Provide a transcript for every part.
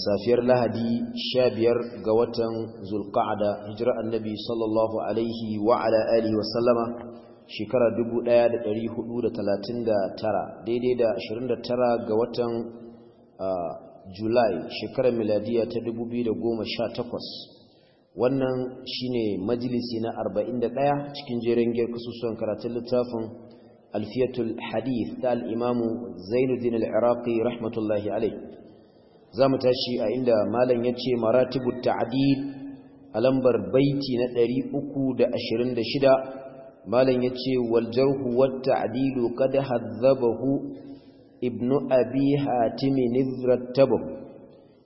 safiyar lahadi sha biyar ga watan zulqa'ada hijira annabi sallallahu alaihi wa ala alihi wa sallama shekara 1439 daidai da 29 ga watan julai shekarar miladiya ta 2018 wannan shine majalisi na 41 cikin jerin girkususun karatun littafin alfiyatul hadith ta al'imamu zainuddin al'iraqi rahmatullahi alai za mu tashi a inda malam ya ce maratibu ta'adil a lambar baiti na 326 malam ya ce waljarhu wata adilu kada hazzabahu ibnu abi hatimi nizrattabahu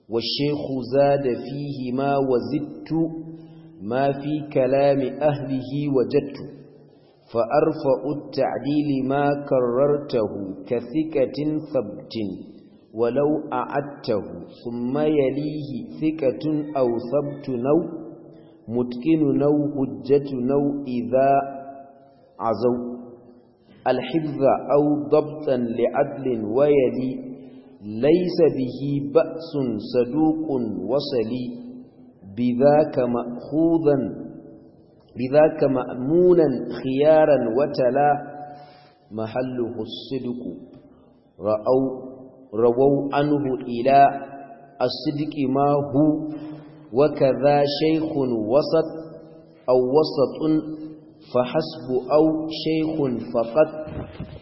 wa shekhu zada fihi ma wazittu ma fi kalami ahlihi wajattu فأرفع التعديل ما كررته كثقة sabtin. ولو أعدته ثم يليه ثقة أو ثبت نو متكن نو حجة نو إذا عزو الحفظ أو ضبطا لعدل ويلي ليس به بأس صدوق وصلي بذاك مأخوذا بذاك مأمونا خيارا وتلا محله الصدق رأوا rawau anhu ila as-sidqi ma hu wa kadha shaykhun wasat aw wasatun au hasbu aw shaykhun faqat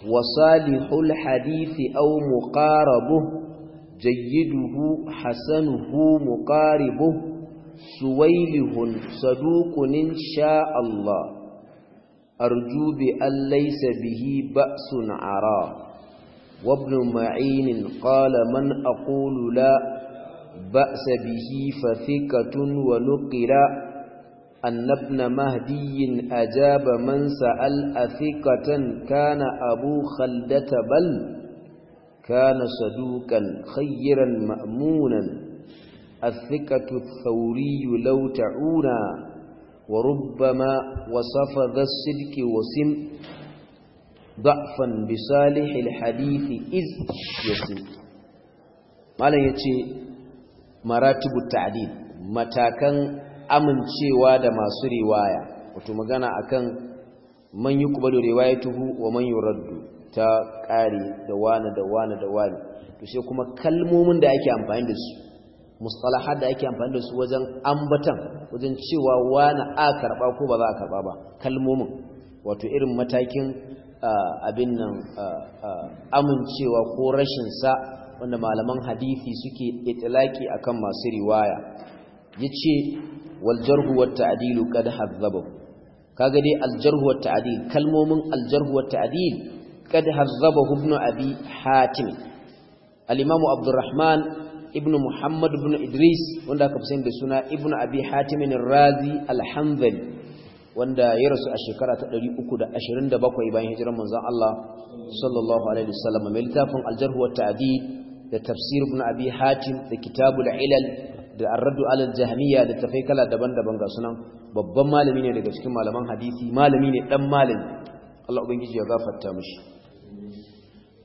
wa salihul hadithi aw muqarabuhu jayyiduhu hasanuhu muqaribuhu suwaylihun saduqun insha Allah arju bi an laysa bihi ba'sun araa وابن معين قال من أقول لا بأس به فثقة ونقل أن ابن مهدي أجاب من سأل أثقة كان أبو خلدة بل كان صدوقا خيرا مأمونا الثقة الثوري لو تعونا وربما وصف ذا الصدق وسم ضعفا بصالح الحديث إذ yace مالا يتي matakan amincewa da أمن riwaya دا ما سري وايا وتمغانا أكن من يقبل روايته ومن يرد ta ƙare da wane da wane da wane to kuma kalmomin da ake amfani da su mustalahat da ake amfani da su wajen ambatan wajen cewa wane a karɓa ko ba za a karɓa ba kalmomin wato irin matakin abin nan amincewa ko rashin sa wanda malaman hadisi suke itilaki akan masu riwaya yace wal jarhu wat ta'dil kad hazzaba kaga dai al jarhu wat ta'dil kalmomin al jarhu wat ta'dil kad hazzaba ibn abi hatim al imam abdurrahman ibn muhammad ibn idris wanda aka fi da suna ibn abi hatim ar-razi al-hanbali wanda ya rasu a shekara ta 327 bayan hijirar manzon Allah sallallahu alaihi wasallam mai littafin aljarh wa ta'did da tafsir ibn abi hatim da kitabul ilal da ar-radd ala al-jahmiyya da tafai kala daban-daban ga sunan babban malami ne daga cikin malaman hadisi malami ne dan malami Allah ubangiji ya gafarta mishi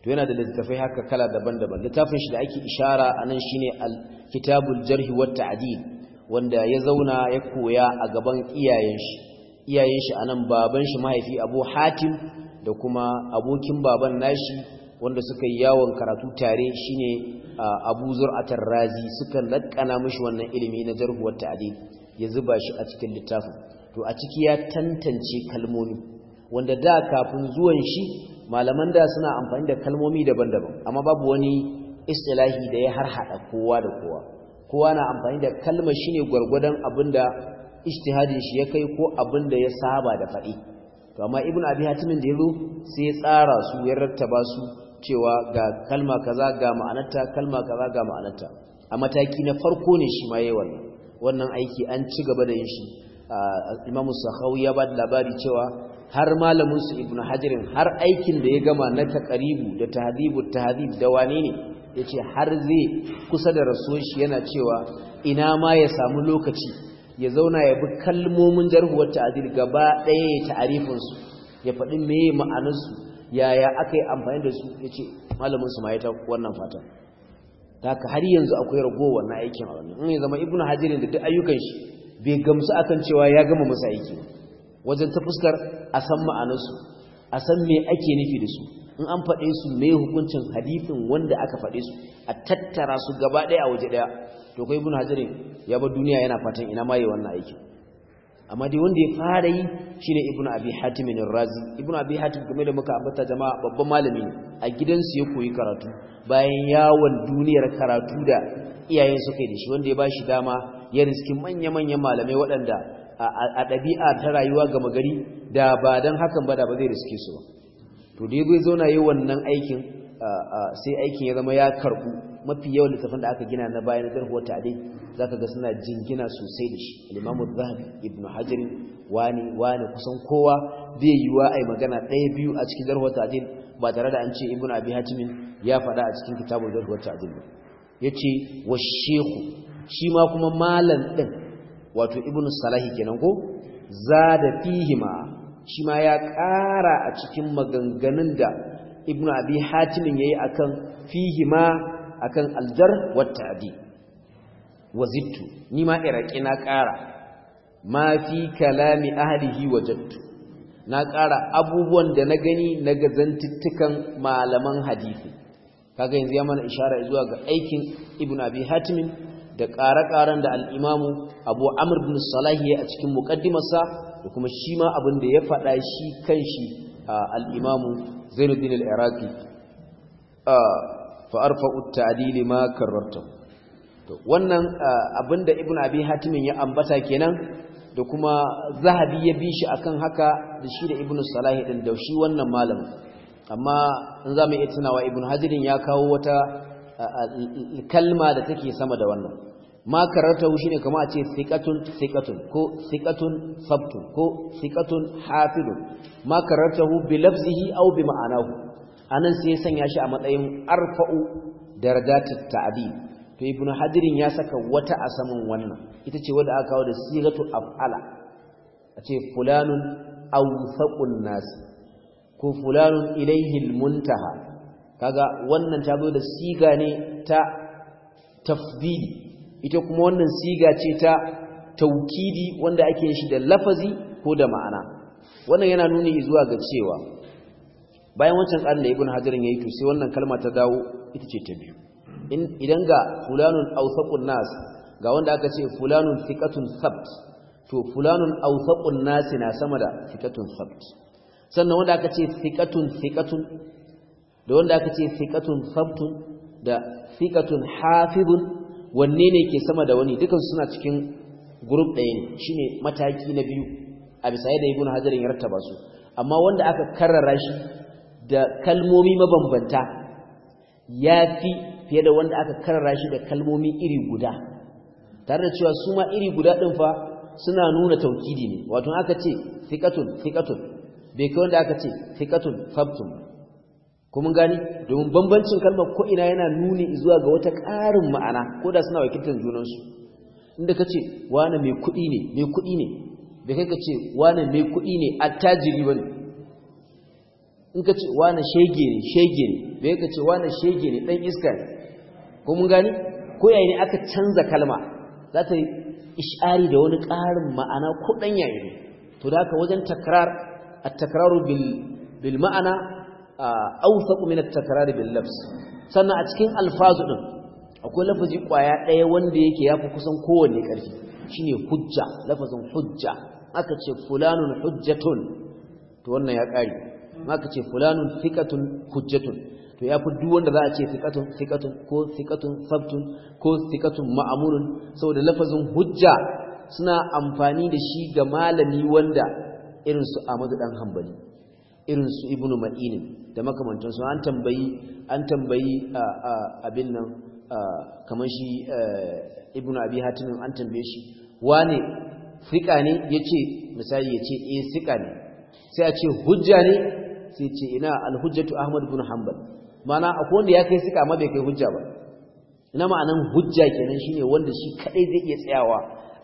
to yana da littafai haka kala daban-daban littafin shi da ake ishara anan shine al-kitabul jarh wa wanda ya zauna ya koya a gaban iyayen shi iyayen shi anan baban shi mahaifi abu hatim da kuma abokin baban nashi wanda suka yi yawon karatu tare shine abu zur'atar razi suka lakkana mishi wannan ilimi na jarhuwar wa ta'dil ya zuba shi a cikin littafin to a ciki ya tantance kalmomi wanda da kafin zuwan shi malaman da suna amfani da kalmomi daban-daban amma babu wani istilahi da ya harhaɗa kowa da kowa kowa na amfani da kalmar shine gwargwadon abinda ijtihadin shi ya kai ko abin da ya saba da faɗi to amma ibnu abi hatimin da yazo sai ya tsara su ya rattaba su cewa ga kalma kaza ga ma'anarta kalma kaza ga ma'anarta a mataki na farko ne shi ma yayi wannan wannan aiki an ci gaba da yin shi imamu sahawi ya ba labari cewa har malamin su ibnu hajarin har aikin da ya gama na taqribu da tahdibu tahdib da wane ne yace har zai kusa da rasuwar shi yana cewa ina ma ya samu lokaci ya zauna ya bi kalmomin jarhuwar ta'adil gaba ɗaya ya ta'arifinsu ya faɗi meye ma'anarsu yaya aka yi amfani da su ya ce malamin su ma ya ta wannan fatan ta ka har yanzu akwai ragowar na aikin a wannan in ya zama Ibn hajjirin da duk ayyukan shi bai gamsu a kan cewa ya gama masa aiki wajen ta fuskar a san ma'anarsu a san me ake nufi da su in an faɗe su me hukuncin hadifin wanda aka faɗe su a tattara su gaba ɗaya a waje ɗaya to kai ibn hajarin ya ba duniya yana fatan ina ma yi wannan aiki amma dai wanda ya fara yi shine ibn abi hatim min razi ibn abi hatim game da muka ambata jama'a babban malami a gidansu ya koyi karatu bayan yawon duniyar karatu da iyayen su kai da shi wanda ya ba shi dama ya riski manya-manyan malamai waɗanda a ɗabi'a ta rayuwa gama gari da ba don hakan ba da ba zai riske su ba to dai zai zauna yi wannan aikin sai aikin ya zama ya karbu mafi yawan littafin da aka gina na bayan garhu wata adai za ka ga suna jingina sosai da shi limamu zahabi ibn hajjari wani wani kusan kowa zai yiwuwa a yi magana ɗaya biyu a cikin garhu wata ba tare da an ce ibn abi hatimin ya faɗa a cikin kitabun garhu wata adai ba ya ce wa shehu shi ma kuma malam ɗin wato ibn salahi kenan ko za da fihima shi ma ya ƙara a cikin maganganun da ibnu abi hatimin yayi akan fihi ma akan aljar wa ta'di wa zittu ni ma iraki na ƙara ma fi kalami ahlihi wajadtu na ƙara abubuwan da na gani na gazantuttukan malaman hadisi kaga yanzu ya mana ishara zuwa ga aikin Ibn abi hatimin da ƙara ƙaran da al'imamu abu amur bin salahi a cikin muƙaddimarsa da kuma shi ma abin da ya faɗa shi kan shi al'imamu zainuddin al-iraqi fa arfa'u ta'dili ma kararta wannan abinda ibn abi hatimin ya ambata kenan da kuma zahabi ya bi shi akan haka da shi da ibn salahi din da shi wannan malamin amma in za mu iya tunawa ibn hajirin ya kawo wata kalma da take sama da wannan ma karartahu shine kamar a ce thiqatun thiqatun ko thiqatun sabtun ko thiqatun hafidun ma karartahu bi lafzihi aw bi ma'anahu anan sai sanya shi a matsayin arfa'u darajatit ta'dil to ibnu hadirin ya saka wata a saman wannan ita ce wanda aka kawo da sigatu af'ala a ce fulanun awthaqun nas ko fulanun ilayhi almuntaha kaga wannan ta zo da siga ne ta tafdili ita kuma wannan siga ce ta taukidi wanda ake shi da lafazi ko da ma'ana wannan yana nuni zuwa ga cewa bayan wancan tsarin da ibn hajarin yi, to sai wannan kalma ta dawo ita ce ta biyu idan ga fulanun awsaqun nas ga wanda aka ce fulanun thiqatun sabt to fulanun awsaqun nas na sama da thiqatun sabt sannan wanda aka ce thiqatun thiqatun da wanda aka ce thiqatun sabtun da thiqatun hafizun wanne ne ke sama da wani dukan suna cikin gurup ɗaya ne shine mataki na biyu a bisa yadda ibn hajar ya rattaba su amma wanda aka karrara shi da kalmomi mabambanta yafi fiye da wanda aka karrara shi da kalmomi iri guda tare da cewa su ma iri guda ɗin fa suna nuna taukidi ne wato aka ce thiqatun thiqatun bai kai wanda aka ce thiqatun fabtun ko mun gani domin bambancin kalmar ko ina yana nuni zuwa ga wata ƙarin ma'ana ko da suna wakiltar junansu inda ka ce wane mai kuɗi ne mai kuɗi ne da kai ka ce wane mai kuɗi ne attajiri ba ne in ka ce wane shege ne shege ne da kai ka ce wane shege ne ɗan iska ne ko mun gani ko yayi ne aka canza kalma za ta yi ish'ari da wani ƙarin ma'ana ko ɗan yayi ne to da haka wajen takrar at-takraru bil ma'ana awsaqu min at takrari bil lafs sannan a cikin alfazu din akwai lafazi kwaya daya wanda yake yafi kusan kowanne karfi shine hujja lafazin hujja aka ce fulanun hujjatun to wannan ya kare aka ce fulanun fiqatun hujjatun to ya fi duk wanda za a ce fiqatun fiqatun ko fiqatun sabtun ko fiqatun ma'amunun saboda lafazin hujja suna amfani da shi ga malami wanda irin su Ahmadu dan Hanbali irin su Ibn ma'inin da makamantansu an tambayi an tambayi abin nan kamar shi ibn abi hatimin an tambaye shi wane fika ne yace misali yace eh sika ne sai a ce hujja ne sai ce ina alhujjatu ahmad ibn hanbal mana akwai wanda ya kai sika amma bai kai hujja ba ina ma'anan hujja kenan shine wanda shi kadai zai iya tsayawa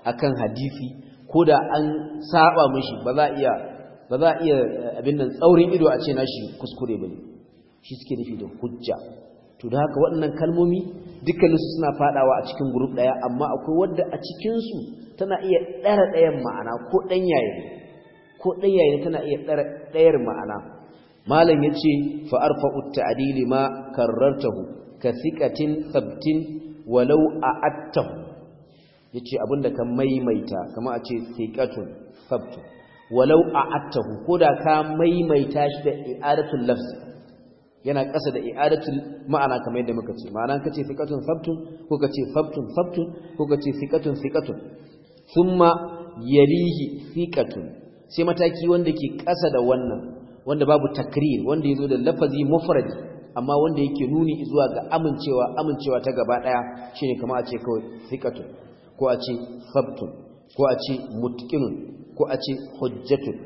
akan hadisi ko da an saba mishi ba za a iya ba za a iya eh, abin nan tsaurin ido a ce shi kuskure bane shi suke nufi da hujja to da haka waɗannan kalmomi dukkaninsu suna faɗawa a cikin gurub ɗaya, amma akwai wadda a cikinsu su tana iya ɗara ɗayan ma'ana ko ɗan yayi ko ɗan yayi tana iya ɗara ɗayar ma'ana malam yace fa arfa'u ta'dili ma karartahu ka sikatin sabtin walau a'attahu yace abinda ka maimaita kamar a ce thiqatun thabtun walau a ko da ka maimaita shi da i'adatul lafz yana ƙasa da i'adatul ma'ana kamar yadda muka ce ma'ana kace fiqatun sabtun ko kace sabtun sabtun ko kace fiqatun fiqatun thumma yalihi fiqatun sai mataki wanda ke ƙasa da wannan wanda babu takrir wanda yazo da lafazi mufradi amma wanda yake nuni zuwa ga amincewa amincewa ta gaba daya shine kamar a ce kawai fiqatun ko a ce sabtun ko a ce mutqinun ko a ce hujjatun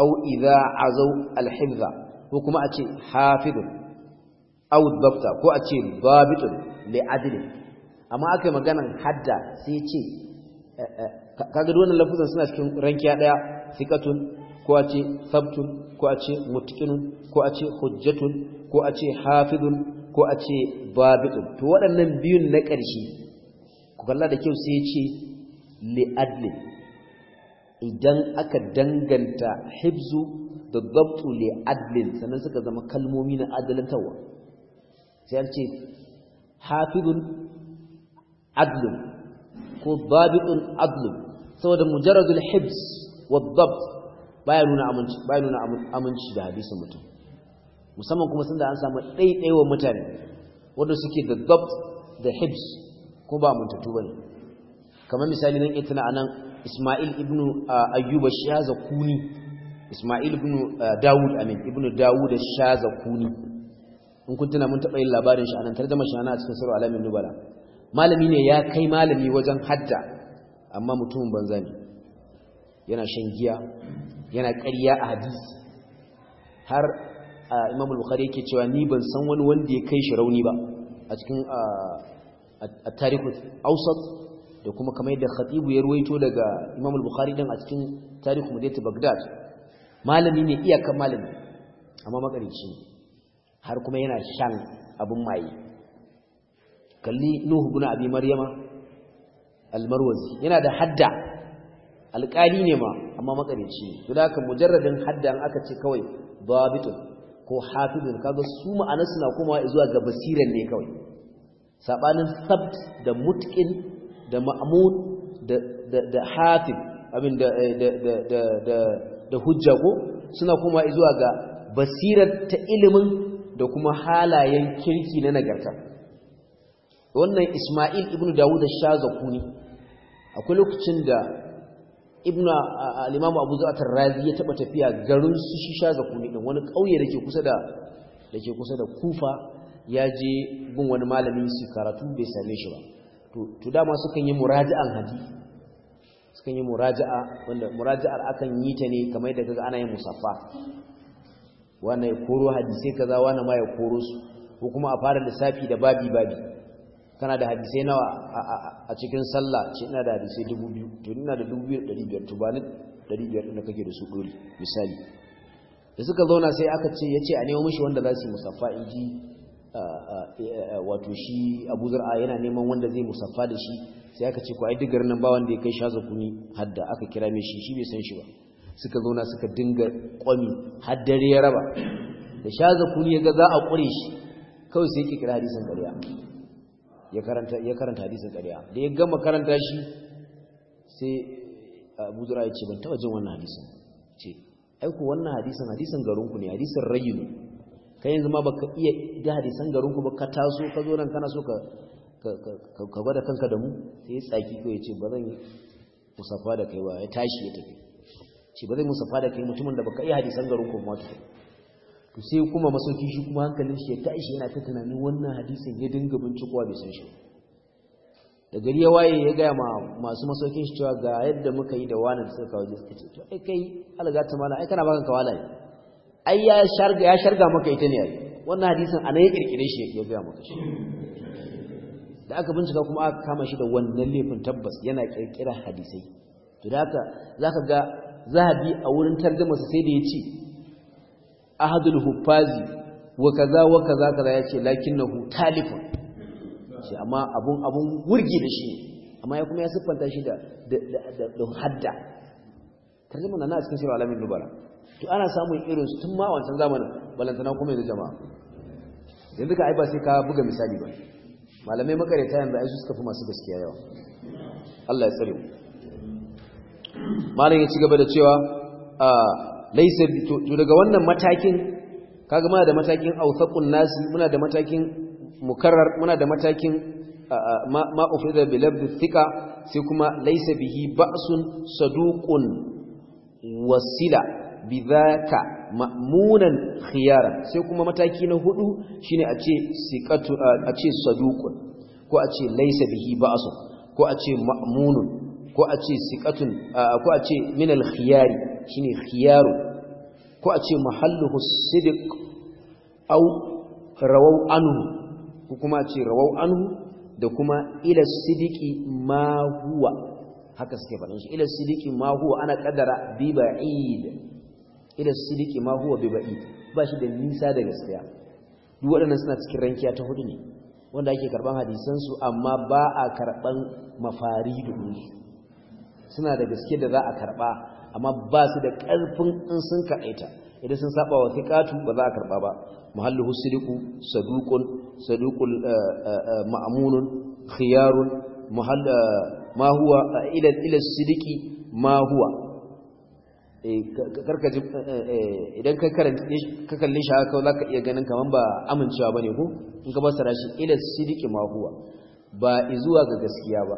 au idha azau alhifza ko kuma a ce hafidun au dabta ko a ce babitun li adli amma akai maganan hadda sai ce eh, eh, kaga duk wannan lafuzan suna cikin rankiya daya sikatun ko a ce sabtun ko a ce mutqinun ko a ce hujjatun ko a ce hafidun ko a ce babitun to waɗannan biyun na ƙarshe ku kalla da kyau sai ce li adli idan aka danganta hibzu da dabtu li adlin sannan suka zama kalmomi na adalantarwa sai an ce hafidun adlin ko babitun adlin saboda mujarradun hibs wa dabt baya nuna aminci baya nuna aminci da hadisin mutum musamman kuma sun da an samu ɗaiɗaiwa mutane wanda suke da dabt da hibs ko ba ba bane kamar misali nan na anan Ismail ibn uh, Ayyuba Shazakuni Ismail ibn uh, Dawud amin ibn Dawud Shazakuni in kun tuna mun taba yin labarin shi anan tarjuma shi ana cikin sura alamin nubala malami ne ya kai malami wajen hadda amma mutumin banza ne yana shan giya yana ƙarya a hadisi har uh, Imam Bukhari yake cewa ni ban san wani wanda ya kai shi rauni ba a cikin at tarihi awsat da kuma kamar yadda khatibu ya ruwaito daga Imam al-Bukhari dan a cikin tarihu mudayat bagdad malami ne iyakan malami amma makarici har kuma yana shan abun maye kalli Nuhu ibn Abi Maryama al yana da hadda alƙali ne ma amma makarici to da haka mujarradin hadda an aka ce kawai babitun ko hafidun kaga su ma'anarsu na, kuma zuwa ga basiran ne kawai sabanin sabt da mutqin da Mahmud, da hatim abin eh, da hujja ko suna kuma zuwa ga basirar ta ilimin da kuma halayen kirki na nagarta wannan ismail ibn dawud da sha shazakuni akwai lokacin da ibn al-imam abu za'atar razi ya taba tafiya garin su shi shazakuni din wani kauye ke kusa da ke kusa da kufa ya je gun wani malamin su karatu bai same shi ba to dama sukan yi muraja'an hadisi sukan yi muraja'a wanda muraja'ar akan yi ta ne kamar yadda kaga ana yin musaffa wanda ya koro hadisai kaza wanda ma ya koro su ko kuma a fara lissafi da babi babi kana da hadisai nawa a cikin sallah ce ina da hadisai dubu biyu to ina da dubu biyu da ɗari biyar to ba ni ɗari biyar da kake da su ɗori misali da suka zauna sai aka ce ya ce a nemo mishi wanda za su yi musaffa in ji wato shi abu zur'a yana neman wanda zai musaffa da shi sai aka ce ku ai digar nan ba wanda ya kai shaza kuni hadda aka kira mai shi shi bai san shi ba suka zauna suka dinga kwami haddare ya raba da shaza kuni ya ga za a kure shi kawai sai ya kira hadisin ƙarya ya karanta ya karanta hadisin ƙarya da ya gama karanta shi sai abu zur'a ya ce ban taɓa jin wannan hadisin ce ai ku wannan hadisin hadisin garinku ne hadisin ne. Ka yanzu ma baka iya hadisan garin ku ba ka taso ka zo nan kana so ka ka gwada kanka da mu sai tsaki ko yace ba zan musafa da kai ba ya tashi ya tafi ce ba yi musafa da kai mutumin da baka iya hadisan garin ku ba ta to sai kuma masauki shi kuma hankalin shi ya tashi yana ta tunanin wannan hadisin ya dinga bincikowa bai san shi da gari ya waye ya gaya ma masu masaukin shi cewa ga yadda muka yi da wani da suka kawo jiska ce to ai kai alga ta mala ai kana baka kawala ne ai ya sharga ya sharga maka ita ne wannan hadisin anan ya kirkire shi ya ga maka shi da aka bincika kuma aka kama shi da wannan laifin tabbas yana kirkira hadisai to da haka zaka ga zahabi a wurin tarjuma sai da yace ahadul hufazi wa kaza wa kaza kaza yace lakinnahu talifun shi amma abun abun wurgi da shi amma ya kuma ya siffanta shi da da hadda tarjuma na a cikin sirr alamin nubara to ana samun irin su tun ma wancan zamanin balantana kuma yanzu jama'a yanzu ka ai ba sai ka buga misali ba malamai makareta yanzu ai su suka fi masu gaskiya yawa Allah ya tsare mu malam ya ci gaba da cewa a ah, laysa to daga wannan matakin kaga muna da matakin authaqun nasi muna da matakin mukarrar muna da matakin ah, ah, ma ufida bi labd thika sai kuma laysa bihi ba'sun saduqun wasila bidhaka ma'munan khiyara sai kuma mataki na hudu shine a ce siqatu a ce saduqun ko a ce laysa bihi ba'su ko a ce ma'munun ko a ce siqatun ko a ce min al-khiyari shine khiyaru ko a ce mahalluhu sidiq aw rawau anhu ko kuma a ce rawau anhu da kuma ila sidiki ma huwa haka suke faɗin shi ila sidiki ma huwa ana kaddara bi ba'id ila sidiki ma huwa bi ba'id shi da nisa da gaskiya duk waɗannan suna cikin rankiya ta hudu ne wanda ake karban hadisan su amma ba a karban mafaridun suna da gaske da za a karba amma ba su da ƙarfin in sun kaɗaita idan sun saba wa thiqatu ba za a karba ba mahalluhu sidiku saduqun saduqul eh, eh, eh, ma'munun khiyarun ma huwa ila ila sidiki ma huwa Eh, eh, eh, idan ka karanta ka kalle shi haka za ka iya ganin kamar ba amincewa ba ne ko in ka basara shi ila sidiki ma huwa ba izuwa ga gaskiya ba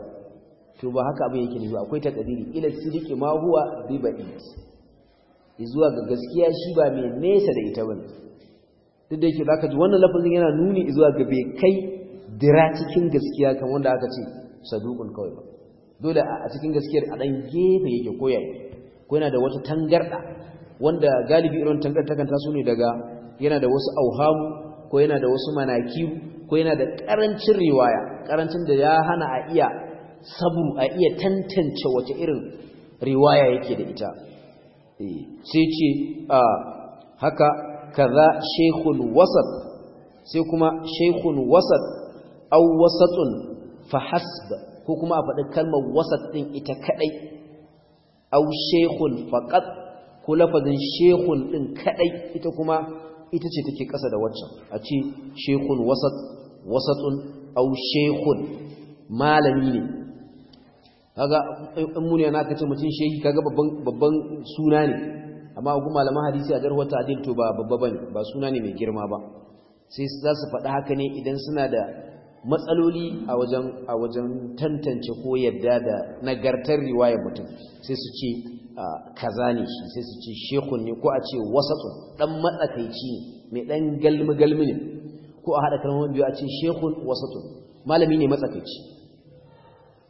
to ba haka abin yake nufi akwai takadiri ila sidiki ma huwa bi ba'id izuwa ga gaskiya shi ba mai nesa da ita bane duk da yake za ka ji wannan lafazin yana nuni izuwa ga bai kai dira cikin gaskiya kamar da aka ce sadukun kawai ba dole a cikin gaskiyar a dan gefe yake koyaye ko yana da wata tangarda wanda galibi irin tangarda kan taso ne daga yana da wasu auhamu ko yana da wasu manakiru ko yana da karancin riwaya karancin da ya hana a iya sabu a iya tantance wace irin riwaya yake da ita eh, sai ce a haka kaza shaykhul wasat sai kuma shaykhul wasat aw wasatun fa hasba ko kuma a faɗi kalmar wasat ɗin ita kaɗai. aw shaykhun faqat ko lafazin shaykhun ɗin kaɗai ita kuma ita ce take ƙasa da waccan a ce shaykhun wasat wasatun aw shaykhun malami ne kaga in mun yana kace mutun shehi kaga babban babban suna ne amma ga malaman hadisi a jarhu ta adil to ba babba ba suna ne mai girma ba sai za su faɗi haka ne idan suna da matsaloli a wajen a wajen tantance ko yadda da nagartar riwayar mutum sai su ce kaza ne shi sai su ce shekun ne ko a ce wasatsu dan matsakaici ne mai dan galmi galmi ne ko a hada kalmomin biyu a ce shekun wasatsu malami ne matsakaici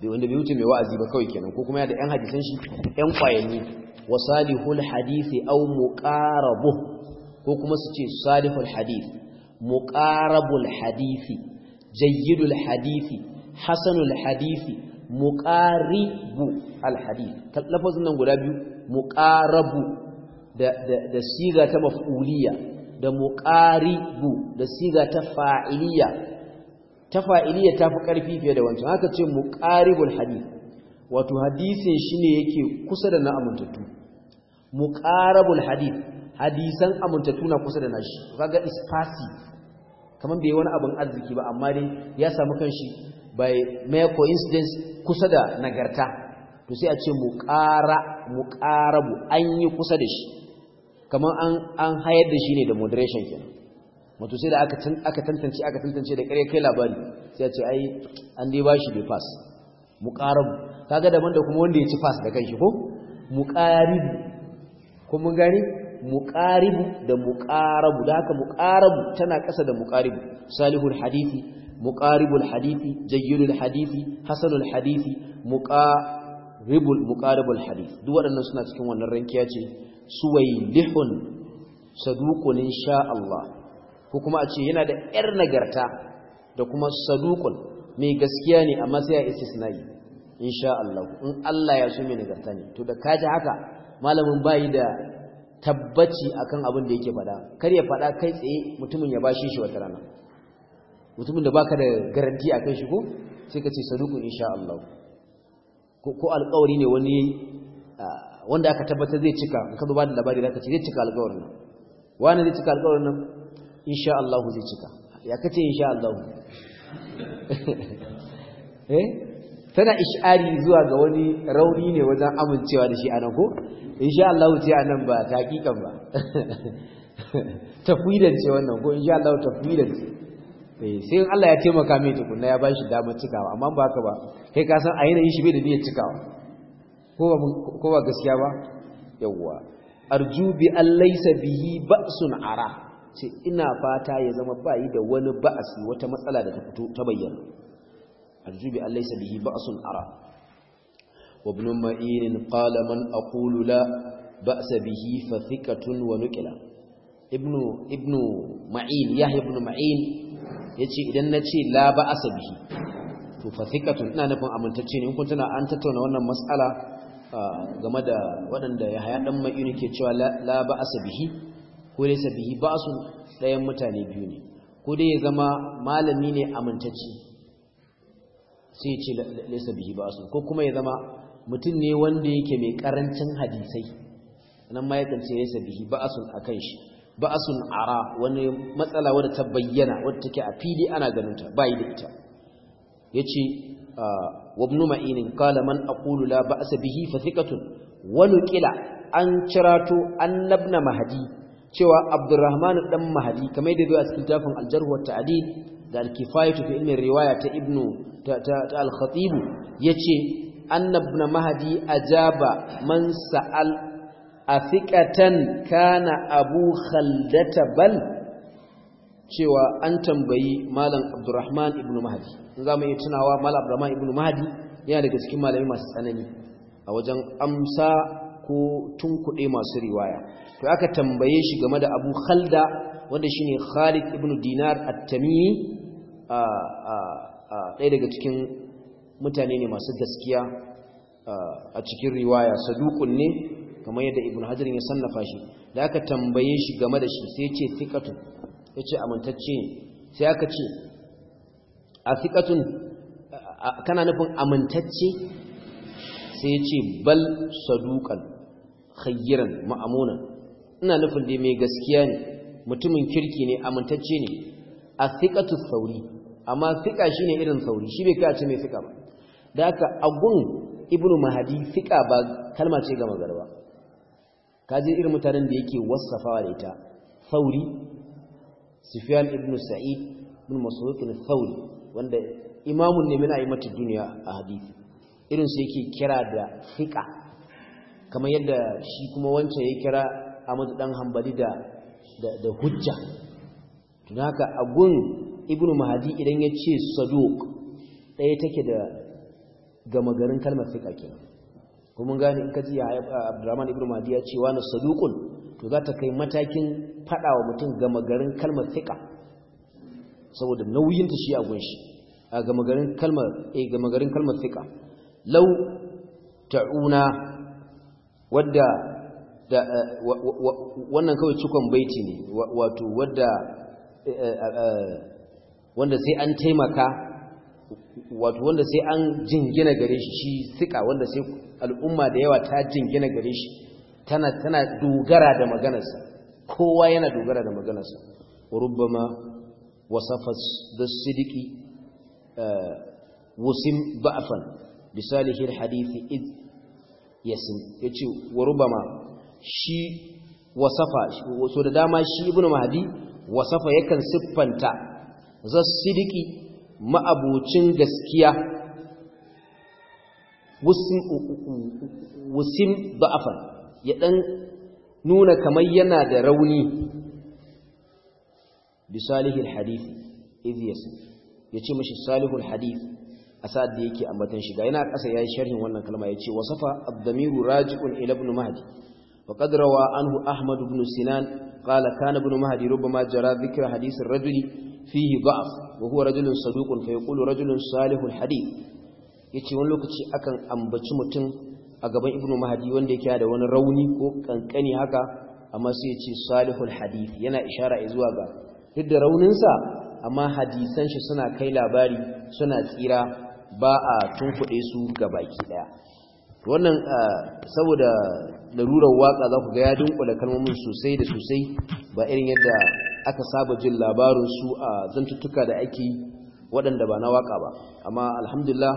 bai wanda bai wuce mai wa'azi ba kawai kenan ko kuma ya da yan hadisan shi yan kwayanni wasalihul hadisi aw muqarabu ko kuma su ce salihul hadith muqarabul hadisi jayyidul hadithi hasanul hadithi muƙaribu al hadith lafazin nan guda biyu muqarabu da da siga ta mafuliya da muqaribu da siga ta fa'iliya ta fa'iliya ta fi karfi fiye da wancan haka ce muqaribul hadith wato hadisin shine yake kusa da na amintattu muqarabul hadith hadisan amintattu na kusa da nashi kaga is kamar bai wani abin arziki ba amma dai ya samu kanshi by mere coincidence kusa da nagarta to sai a ce muƙara bu an yi kusa da shi kamar an an hayar da shi ne da moderation kenan wato sai da aka aka tantance aka tantance da kare kai labari sai a ce ai an dai bashi bai pass bu kaga daban da kuma wanda ya ci pass da kanshi ko muqaribu ko mun gani muqaribu da muqarabu da haka muqarabu tana ƙasa da muqaribu salihul hadisi muqaribul hadisi jayyidul hadisi hasanul hadisi muqaribul muqaribul hadis duk waɗannan suna cikin wannan rankiya ce suwaylihun saduqun insha Allah ko kuma a ce yana da yar nagarta da kuma saduqun mai gaskiya ne amma sai ya istisnai insha Allah in Allah ya so mai nagarta ne to da kaji haka malamin bayi da tabbaci akan abin da yake faɗa kar ya faɗa kai tsaye mutumin ya bashe shi wata rana mutumin da baka da garanti akan shi ko sai ka ce saduqun insha Allah ko alƙawari ne wani wanda aka tabbata zai cika in ka zo ba da labari zaka ce zai cika alƙawarin nan wani zai cika alƙawarin nan insha Allah zai cika ya kace insha Allah eh tana ish'ari zuwa ga wani rauni ne wajen amincewa da shi anan ko insha Allah ce anan ba hakikan ba tafwidan ce wannan ko insha Allah tafwidan ce eh sai Allah ya taimaka mai tukunna ya bashi damar cikawa amma ba haka ba kai ka san a yanayin shi bai da niyyar cikawa ko ba ko ba gaskiya ba yawwa arju bi allaysa bihi ba'sun ara ce ina fata ya zama ba yi da wani ba'asi wata matsala da ta fito ta bayyana arju bi allaysa bihi ba'sun ara وابن معين قال من أقول لا بأس به فثقة ونكلا ابن ابن معين يحيى ابن معين yace idan nace la ba asabihi to fa thiqatun ina nufin amintacce ne in kun tana an tattauna wannan mas'ala game da waɗanda ya haya dan mai ke cewa la ba asabihi ko dai sabihi ba su ɗayan mutane biyu ne ko dai ya zama malami ne amintacce sai ya ce la bihi ba su ko kuma ya zama mutum ne wanda yake mai karancin hadisai nan ma ya ce laysa bihi ba'asun akan shi ba'asun ara wani matsala wadda ta bayyana wadda take a fili ana ganin ta bai da ita yace ah, wa ibn ma'in qala man aqulu la ba'sa bihi fa thiqatun wa nuqila an cirato annabna mahdi cewa Abdurrahman dan Mahdi kamar da zuwa cikin tafin al wa Ta'dil da al-Kifayah fi ilmi riwaya ta Ibnu ta al-Khatib yace anna Mahadi mahdi ajaba man sa'al afiqatan kana abu khaldata bal cewa an tambayi malam abdurrahman ibn mahdi in mu iya tunawa malam abdurrahman ibn mahdi yana daga cikin malami masu tsanani a wajen amsa ko tunkuɗe masu riwaya to aka tambaye shi game da abu khalda wanda shine khalid ibn dinar at-tamimi ɗaya daga cikin mutane ne masu gaskiya a cikin riwaya sadukun ne kamar yadda ibn hajar ya sannafa shi da aka tambaye shi game da shi sai ya ce yace amintacce sai aka ce a thiqatun kana nufin amintacce sai ya ce bal saduqan khayran ma'amuna ina nufin dai mai gaskiya ne mutumin kirki ne amintacce ne a thiqatu sauri amma thiqa shine irin sauri shi bai kai mai thiqa ba da agun ibnu mahadi fiqa ba kalma ce ga magarba kaji irin mutanen da yake wasafawa da ita sauri sufyan ibnu sa'id ibn masruq al-thauri wanda imamun ne min mata duniya a hadisi irin su yake kira da fiqa kamar yadda shi kuma wancan ya kira Ahmad dan Hanbali da da hujja tunaka haka agun ibnu mahadi idan yace ce saduq ɗaya take da gama garin kalmar fiƙa kenan kuma gane in kaji Abdurrahman ibn Mahdi ya ce wani sadukun to za ta kai matakin fada wa mutum gama garin kalmar fiƙa? saboda nauyin ta shi a gunshi a gama garin kalmar a eh, gama garin kalmar fiƙa lau ta'una wadda da eh, wannan kawai cikon baiti ne wato wadda eh, wanda sai an taimaka wato wanda sai an jingina gare shi shi sika wanda sai al'umma da yawa ta jingina gare shi tana tana dogara da maganarsa kowa yana dogara da maganarsa rubbama wasafa da sidiki eh, wasim ba'afan bisalihi hadithi id yasin ya ce rubbama shi wasafa so da dama shi ibn mahdi wasafa yakan siffanta sidiki ma'abocin gaskiya wusim ba'afan ya ɗan nuna kamar yana da rauni bi salihul hadithi idiyas ya ce mashi salihul hadith a sa'ad da yake ambatan shiga yana ƙasa ya yi sharhin wannan kalma ya ce safa abdamiru raji'un ila ibn mahdi وقد روى عنه أحمد بن سنان قال كان ابن مهدي ربما جرى ذكر حديث الرجل fihi ba'af wa huwa rajulun saduqun fa yaqulu rajulun salihul hadith yace wani lokaci akan ambaci mutum a gaban ibnu mahdi wanda yake da wani rauni ko kankani haka amma sai yace salihul hadith yana ishara zuwa ga duk da raunin sa amma hadisan shi suna kai labari suna tsira ba a tunkuɗe su gabaki daya wannan saboda larurar waka za ku ga ya dunkula kalmomin sosai da sosai ba irin yadda aka saba jin labarin su a zantuttuka da ake waɗanda ba na waka ba amma alhamdulillah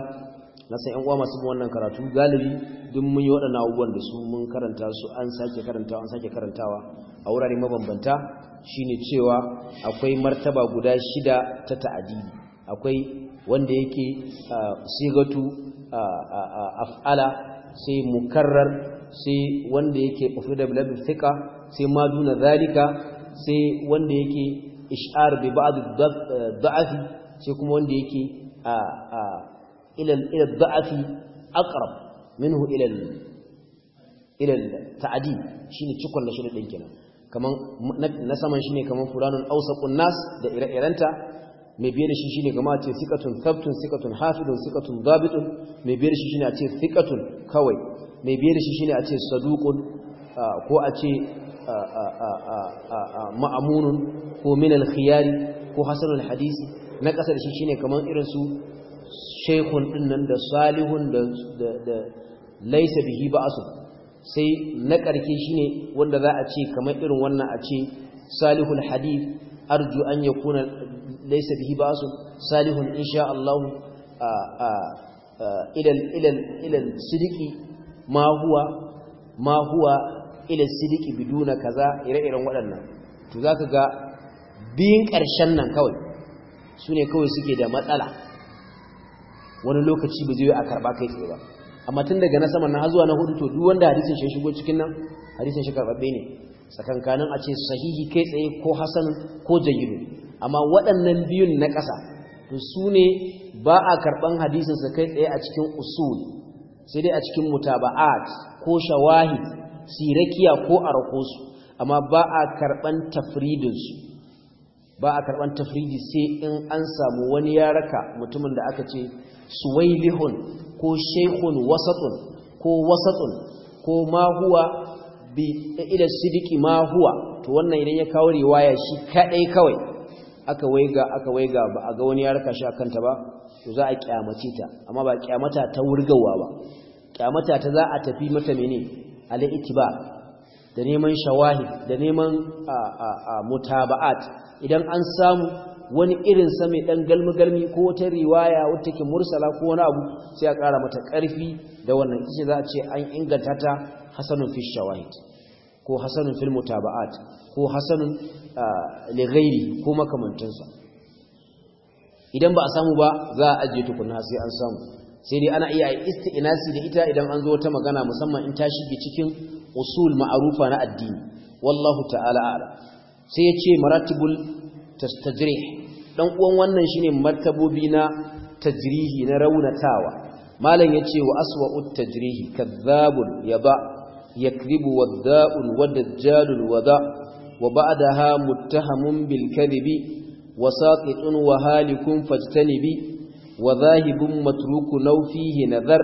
na san yan uwa masu bin wannan karatu galibi duk mun yi waɗannan abubuwan da su mun karanta su an sake karantawa an sake karantawa a wurare mabambanta shine cewa akwai martaba guda shida ta ta'adili akwai wanda yake sigatu af'ala sai mukarrar sai wanda yake da bil thika sai Maduna duna zalika sai wanda yake ish'ar bi ba'd da'afi sai kuma wanda yake a ila ila da'afi aqrab minhu ila ila ta'dil shine cikon na shirin kenan kaman na saman shine kaman fulanun awsaqun nas da ire-irenta mai biye da shi shine kamar ce sikatun sabtun sikatun hafidun sikatun zabitun mai biye da shi shine a ce sikatun kawai mai biye da shi shine a ce saduqun ko a ce ma'amunun ko min khiyari ko hasanul hadisi na ƙasar shi shine kaman irin su shaykhun dinnan da salihun da da laysa bihi ba'su sai na ƙarke shine wanda za a ce kamar irin wannan a ce salihul hadith arju an yakuna laysa bihi ba'su salihun insha Allah ilal ilal ilal sidiki ma huwa ma huwa ila sidiki biduna kaza ire-iren waɗannan to za ka ga biyun ƙarshen nan kawai su ne kawai suke da matsala wani lokaci ba zai a karɓa kai tsaye ba amma tun daga na saman nan har zuwa na hudu to duk wanda hadisin shi shigo cikin nan hadisin shi karɓaɓɓe ne tsakankanin a ce sahihi kai tsaye ko hasan ko jayyidu amma waɗannan biyun na ƙasa to su ne ba a karɓan hadisinsa kai tsaye a cikin usul sai dai a cikin mutaba'at ko shawahid sirakiya ko a rahosu su amma ba a karɓan tafridinsu ba a karɓan tafridi sai in an samu wani ya mutumin da aka ce suwailihun ko shaikhun wasatun ko wasatun ko mahuwa bi ila sidiki mahuwa to wannan idan ya kawo riwaya shi kaɗai kawai aka waiga aka waiga ba a ga wani ya raka shi ba to za a kyamace ta amma ba kyamata ta wurgawa ba kyamata ta za a tafi mata mene al'itiba da neman shawahi da neman mutaba'at idan an samu wani irin same ɗan galmi-galmi ko wata riwaya wata ke mursala ko wani abu sai a ƙara mata ƙarfi da wannan ita za a ce an inganta ta hasanun fi shawahid ko hasanun fil mutaba'at ko hasanun Ligairi ko makamantinsa idan ba a samu ba za a ajiye tukuna sai an samu sai dai ana iya isti'nasi da ita idan an zo ta magana musamman in ta shige cikin usul ma'arufa na addini wallahu ta'ala sai ya ce maratibul tastajrih dan uwan wannan shine martabobi na tajrihi na raunatawa malam yace wa aswa'ut tajrihi kadhabun yaba yakribu wadda'un wadajjalul wada wa ba'daha muttahamun bil kadhibi wasaqitun wa halikun fajtanibi wa zahibun matruku law fihi nazar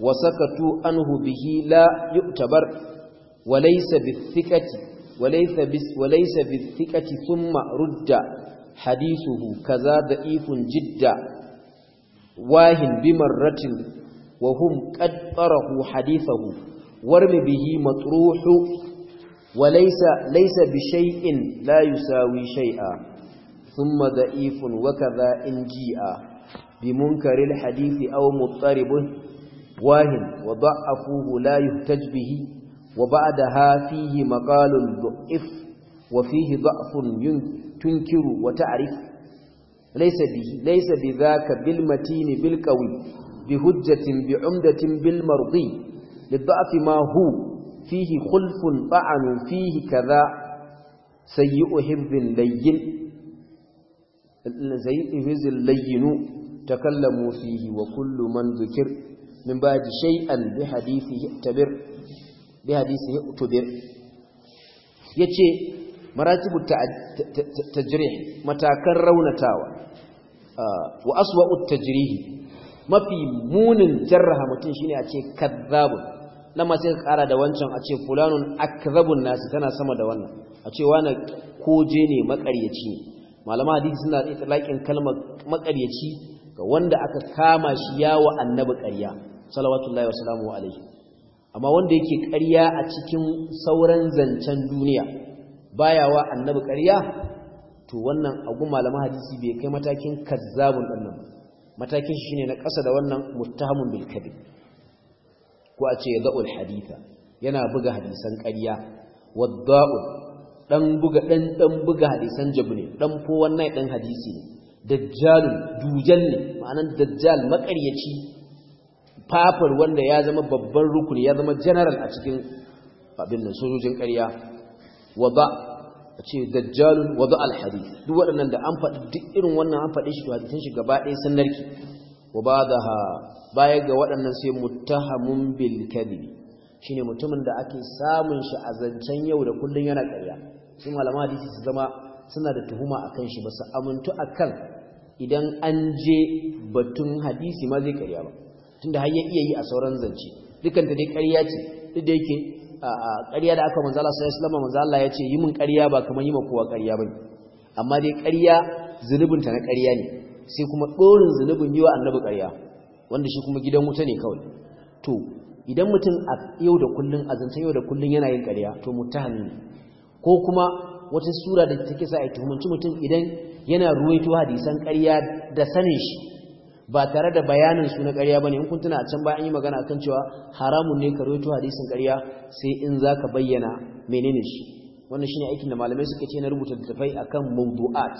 wa sakatu anhu bihi la yu'tabar wa laysa bithiqati wa laysa bis wa laysa bithiqati thumma kaza da'ifun jidda wahin bimarratin wa bihi وليس ليس بشيء لا يساوي شيئا ثم ضعيف وكذا إن جيئا بمنكر الحديث أو مضطرب واهم وضعفوه لا يهتج به وبعدها فيه مقال ضعف وفيه ضعف تنكر وتعرف ليس به ليس بذاك بالمتين بالقوي بهجة بعمدة بالمرضي للضعف ما هو فيه خلف طعن فيه كذا سيء حفظ لين سيء حفظ لين takallamu fihi wa kullu man dhukir min ba'di shay'an bi hadithihi tabir bi hadithihi utubir yace maratibu tajrih matakan raunatawa wa aswa'u tajrih mafi munin jarraha mutum shine a ce kadzabun nan kara da wancan a ce fulanun akzabun nasu tana sama da wannan a ce wani koje ne makaryaci malama hadisi suna itlaqin kalmar makaryaci ga wanda aka kama shi yawo annabi ƙarya salawatullahi wasalamu alaihi amma wanda yake ƙarya a cikin sauran zancen duniya baya wa annabi ƙarya to wannan abu malaman hadisi bai kai matakin kazzabun ɗan nan matakin shi ne na ƙasa da wannan muttahamun bil kadib ko a ce da'ul haditha yana buga hadisan ƙarya wadda'u dan buga dan dan buga hadisan jabne dan ko wannan dan hadisi ne dajjalun dujal ne ma'anan dajjal makaryaci fafar wanda ya zama babban rukuni ya zama general a cikin abin nan sojojin ƙarya wada a ce dajjalun wada alhadith duk waɗannan da an faɗi duk irin wannan an faɗi shi to hadisin shi gaba ɗaya sun narki wa badaha baya ga waɗannan sai muttahamun bil kadhib shine mutumin da ake samun shi a zancen yau da kullun yana karya. su malama hadisi su zama suna da tuhuma akan shi ba su amintu akan idan an je batun hadisi ma zai karya ba tunda har ya iya yi a sauran zance dukkan da dai karya ce duk da yake karya da aka manzala sai sallama manzala ya ce yi mun karya ba kamar yi ma kowa karya bane amma dai karya zunubin ta na karya ne sai kuma dorin zunubin yi wa annabi karya wanda shi kuma gidan wuta ne kawai to idan mutum a yau da kullun a zancen yau da kullun yana yin karya to mutane ko kuma wata sura da take sa a tuhumanci mutum idan yana ruwaito hadisan ƙarya da sanin shi ba tare da bayanin su na ƙarya ne in kun tuna a can ba bayan yi magana kan cewa haramun ne ka ruwaito hadisan ƙarya sai in za zaka bayyana menene shi wannan shi ne aikin da malamai suka ce na rubuta a akan mawdu'at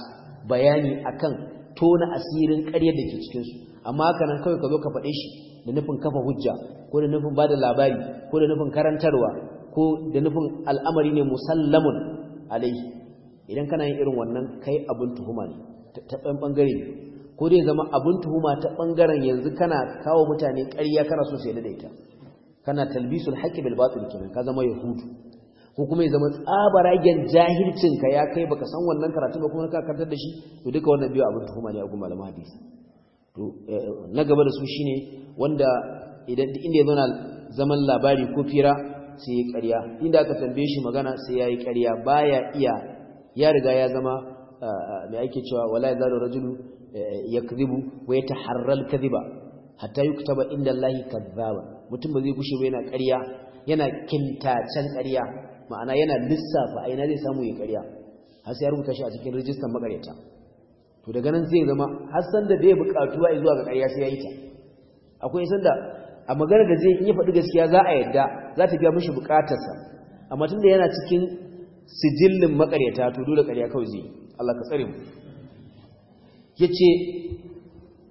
bayani akan tona asirin ƙaryar da ke cikinsu amma haka nan kawai ka zo ka faɗe shi da nufin kafa hujja ko da nufin bada labari ko da nufin karantarwa ko da nufin al'amari ne musallamun alaihi idan kana yin irin wannan kai abin tuhuma ne ta ɗan ɓangare ne ko dai zama abin tuhuma ta ɓangaren yanzu kana kawo mutane ƙarya kana so sai da ita kana talbisul haqqi bil batil kenan ka zama yahudu ko kuma ya zama tsabaragen jahilcin ka ya kai baka san wannan karatu ba kuma ka karantar da shi to duka wannan biyu abin tuhuma ne a gun hadisi to eh, na gaba da su shine wanda idan inda ya zaman labari ko fira sai ya ƙarya inda aka tambaye shi magana sai ya yi ƙarya baya iya ya riga ya zama mai ake cewa wala zaro rajulu ya e, e, yakdhibu wa ya al-kadhiba hatta yuktaba inda Allahi kadhaba mutum ba zai gushe ba yana ƙarya yana kintacen ƙarya ma'ana yana lissafa aina zai samu ya ƙarya har sai ya rubuta shi a cikin rijistar makaryata to daga nan zai zama har san da bai buƙatuwa zuwa ga ƙarya sai ya yi ta akwai san da a maganar da zai iya faɗi gaskiya za a yadda za ta biya mishi buƙatarsa amma tun da yana cikin sijillin makaryata to dole ƙarya kawai zai Allah ka tsare mu yace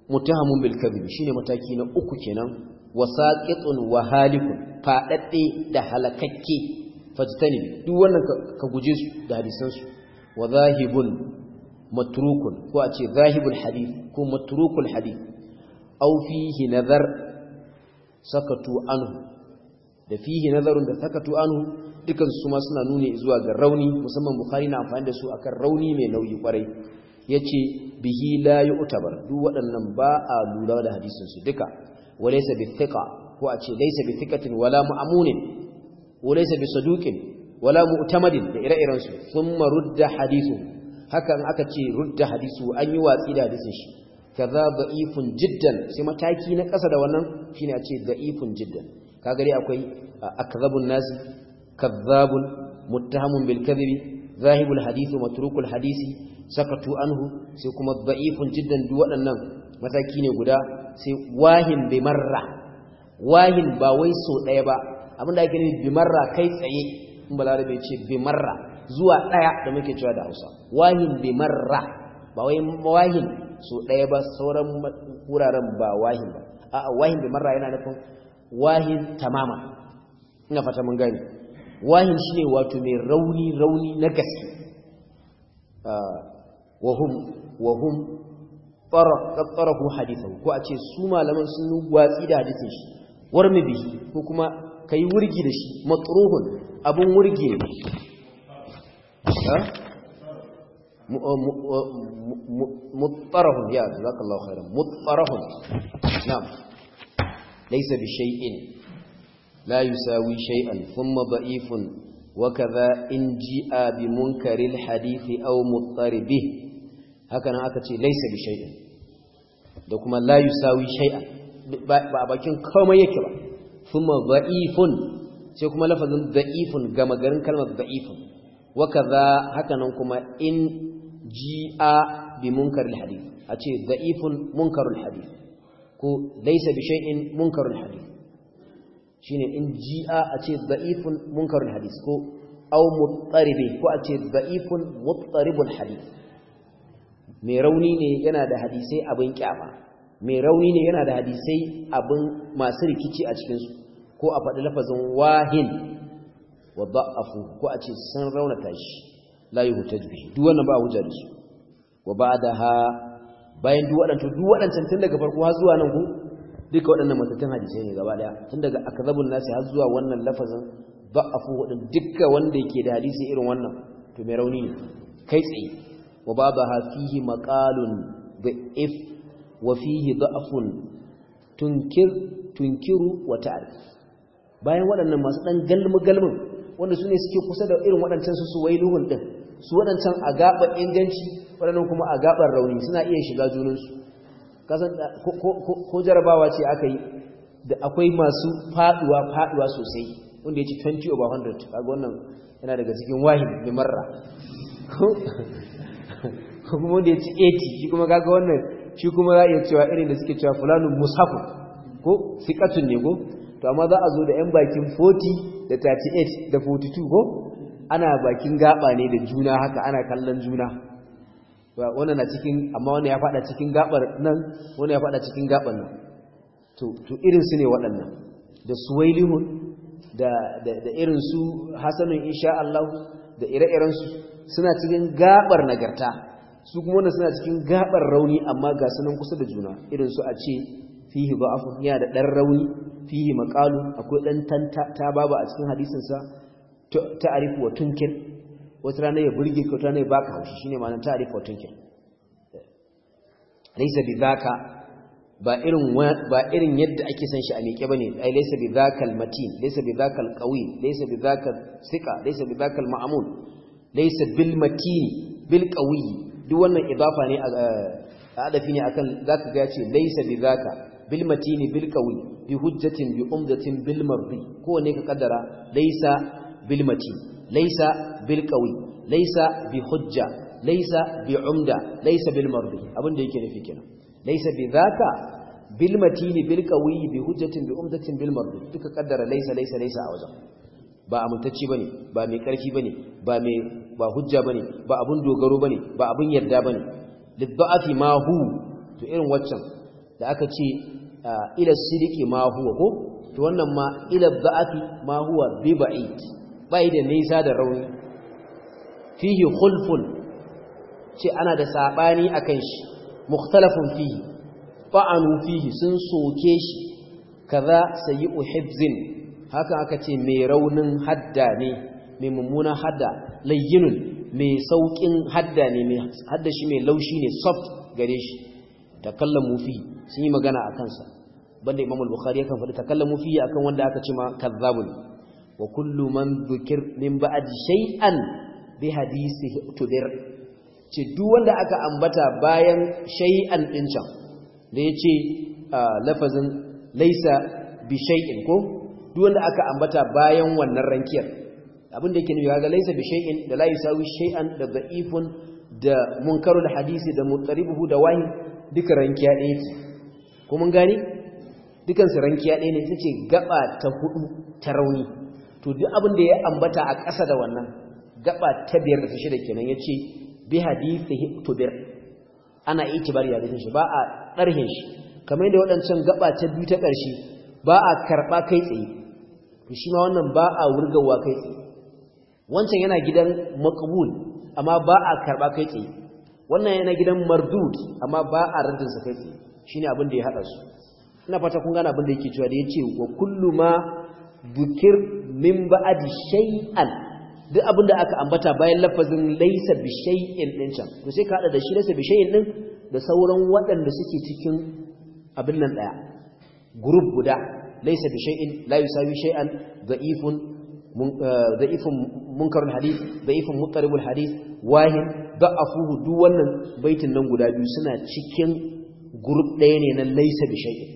mutahamun bil kadhib shine mataki na uku kenan wasaqitun wa halikun fadadde da halakakke fajtani duk wannan ka guje su da hadisan su wa zahibun matrukun ko a ce zahibul hadith ko matrukul hadith aw fihi nazar sakatu anhu da fihi nazarun da sakatu anhu Dukansu su ma suna nuni zuwa ga rauni musamman bukhari na amfani da su akan rauni mai nauyi kwarai yace bihi la yu'tabar duk waɗannan ba a lura da hadisin su duka walaysa bi thiqa ko a ce laysa bi thiqatin wala mu'amunin walaysa bi saduqin wala mu'tamadin da ire-iren su thumma rudda hadisu. hakan aka ce rudda hadisu an yi watsi da hadisin shi kaza da'ifun jiddan sai mataki na ƙasa da wannan shine a ce da'ifun jiddan kaga dai akwai akzabun nasi kazzabun muttahamun bil zahibul hadisi matrukul hadisi sakatu anhu sai kuma da'ifun jiddan waɗannan mataki ne guda sai wahin bi marra wahin ba wai so ɗaya ba ake nufi bi marra kai tsaye in balarabe ce bi marra zuwa ɗaya da muke cewa da Hausa wahin bi marra ba wai wahin so ɗaya ba sauran wuraren ba wahin ba a'a wahin bi marra yana nufin wahin tamama ina fata mun gani. wahin shine wato mai rauni rauni na gaske ah, wahum wahum tsarafu hadithan ko a ce su malaman sun watsi da hadithin shi warmi bihi ko kuma ka yi wurgi da shi matsuruhun abin wurgi ne ah? ah, mutsarahun ya zakallahu khairan mutsarahun na laisa bi shay'in la yusawi shay'an thumma da'ifun in ji'a bi munkaril hadithi aw muttaribih haka nan aka ce laysa bi shay'in da kuma la yusawi shay'an ba a bakin komai yake ba thumma da'ifun sai kuma lafazin da'ifun gama garin kalmar da'ifun wa kaza haka kuma in bi munkaril hadith a ko laysa bi shine in ji a ce za'ifin munkarul hadis ko au mutsaribe ko a ce za'ifin muttaribul hadis mai rauni ne yana da hadisai abin kyama mai rauni ne yana da hadisai abin masu rikici a cikinsu ko a faɗi lafazin wahin wa ba'afu ko a ce sun raunata shi la yuhtaju bihi duk wannan ba a wujar da su wa ba da duk bayan duk waɗancan tun daga farko har zuwa nan ku duka waɗannan matattun hadisai ne gaba daya tun daga akzabun nasi har zuwa wannan lafazin da'afu hudin duka wanda yake da hadisi irin wannan to mai rauni ne kai tsaye wa babaha fihi maqalun if wa fihi da'afun tunkir tunkiru wa ta'rif bayan waɗannan masu ɗan galmi galmin wanda su ne suke kusa da irin waɗancan su su wailuhun ɗin, su waɗancan a gaɓar inganci waɗannan kuma a gaɓar rauni suna iya shiga junansu kasan eh, ko jarabawa ce aka yi da akwai masu faduwa faduwa sosai wanda ya ci 20 over 100 kaga wannan yana daga cikin wahin mai marra kuma wanda ya ci 80 shi kuma kaga wannan shi kuma za a iya cewa irin da suke cewa fulanun musafin ko sikatun ne ko to amma za a zo da yan bakin 40 da 38 da 42 ko ana bakin gaba ne da juna haka ana kallon juna wannan na cikin amma wannan ya fada cikin gabar nan wannan ya fada cikin gabar nan to to irin su ne waɗannan da suwailihun da da da irin su hasanun insha Allah da ire-iren su suna cikin gabar nagarta su kuma wannan suna cikin gabar rauni amma ga sunan kusa da juna irin su a ce fihi da'afun ya da dan rauni fihi maqalu akwai dan tanta ta babu a cikin hadisin sa ta'arifu wa tunkin wata rana ya burge ka wata rana ya baka haushi shine ma'anar ta wa tunkin laysa bidhaka ba irin ba irin yadda ake san shi a miƙe bane ai Laisa bi al-matin laisa bi al-qawi bi bidhaka sika laisa bi al-ma'mun laisa bil matin bil qawi duk wannan idafa ne a adafi ne akan zaka ga laisa bi zaka bil matin bil qawi bi hujjatin bi umdatin bil mardi ne ka kaddara laisa bil matin laisa bil laisa bi hujja laisa bi umda laisa bil mardi abin da yake nufi kenan laisa bi zaka bil matini bil qawi bi hujjatin bi umdatin bil duka kaddara laisa laisa laisa a wajen ba amintacci bane ba mai karfi ba mai ba hujja bane ba abun dogaro bane ba yarda bane lidba'ati ma hu to irin waccan da aka ce ila sidiki ma huwa ko to wannan ma ila ba'ati ma huwa bi ba'id bai da nisa da rauni fihi khulfun ce ana da sabani akan shi mukhtalafun fihi fa'anu fihi sun soke shi kaza sayyi'u hibzin haka aka ce mai raunin hadda ne mai mummuna hadda layyinun mai saukin hadda ne hadda shi mai laushi ne soft gare shi takallamu fihi, sun yi magana a kansa banda imam bukhari yakan faɗi takallamu fi akan wanda aka ce ma kazzabun wa kullu man dhukir min ba'di shay'an bi hadisihi tudir ce duk wanda aka ambata bayan shay'an din can da yace lafazin laisa bi shay'in ko duk wanda aka ambata bayan wannan rankiyar abin da yake nuna ga laisa bi shay'in da la yusawi shay'an da dha'ifun da munkarul hadisi da mutaribuhu da wahi duka rankiya ɗaya ce ko mun gani dukansu rankiya ɗaya ne ita ce gaba ta hudu ta rauni to duk abin da ya ambata a ƙasa da wannan gaba ta biyar da ta shida kenan ya ce bi hadithi biyar. ana ya zai shi ba a ɗarhe shi kamar yadda waɗancan gaba ta biyu ta ƙarshe ba a karɓa kai tsaye to shi ma wannan ba a wurgawa kai tsaye wancan yana gidan makabul amma ba a karɓa kai tsaye wannan yana gidan mardud amma ba a rantar sa kai tsaye shine abin da ya hada su ina fata kun gane abin da yake cewa da yace wa kullu ma Bukir min ba'adi shay'an duk abinda aka ambata bayan lafazin laisa bi shay'in din can to sai ka hada da shi laisa bi shay'in din da sauran waɗanda suke cikin abin nan daya group guda laysa bi shay'in la yusawi shay'an da'ifun eh, da'ifun munkarul hadith da'ifun mutaribul hadith wahin da'afuhu duk wannan baitin nan guda biyu suna cikin group ɗaya ne na laisa bi shay'in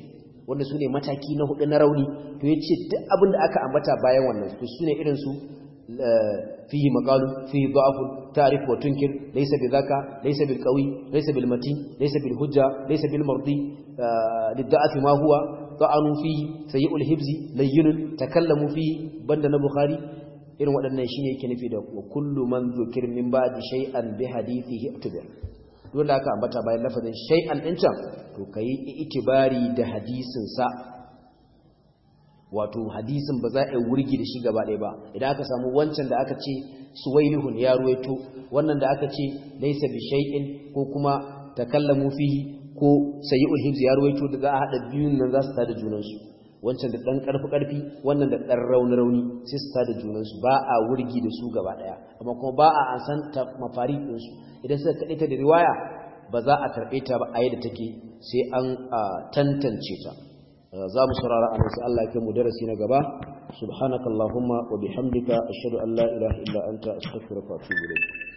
wanda su ne mataki na hudu na rauni to ya ce duk abin da aka ambata bayan wannan to su ne irinsu eh, fihi maqalu fihi da'afun ta'rif wa tunkir laysa bidhaka laysa bilqawi laysa bilmatin hujja bilhujja laysa bilmardi eh, lid'afi ma huwa ta'anu fihi sayyul hibzi layyinun takallamu fihi banda na bukhari irin waɗannan shine yake nufi da kullu man dhukir min ba'di shay'an bi hadithihi dole aka ambata bayan lafazin shay'an din can to kai itibari da hadisin wato hadisin ba za a wurgi da shi gaba ɗaya ba idan aka samu wancan da aka ce suwailihun ya ruwaito wannan da aka ce Laisa bi shay'in ko kuma takallamu fihi ko sayi hibz ya ruwaito da za a hada biyun nan za su tada junansu wancan da dan karfi karfi wannan da dan rauni rauni sai su tada junansu ba a wurgi da su gaba ɗaya amma kuma ba a asanta mafari ɗinsu. su idan suka kaɗe ta da riwaya ba za a karɓe ta ba a da take sai an tantance ta za mu saurara a nasu Allah ya mu darasi na gaba subhanakallahumma wa bihamdika ashhadu an la ilaha illa anta astaghfiruka wa atubu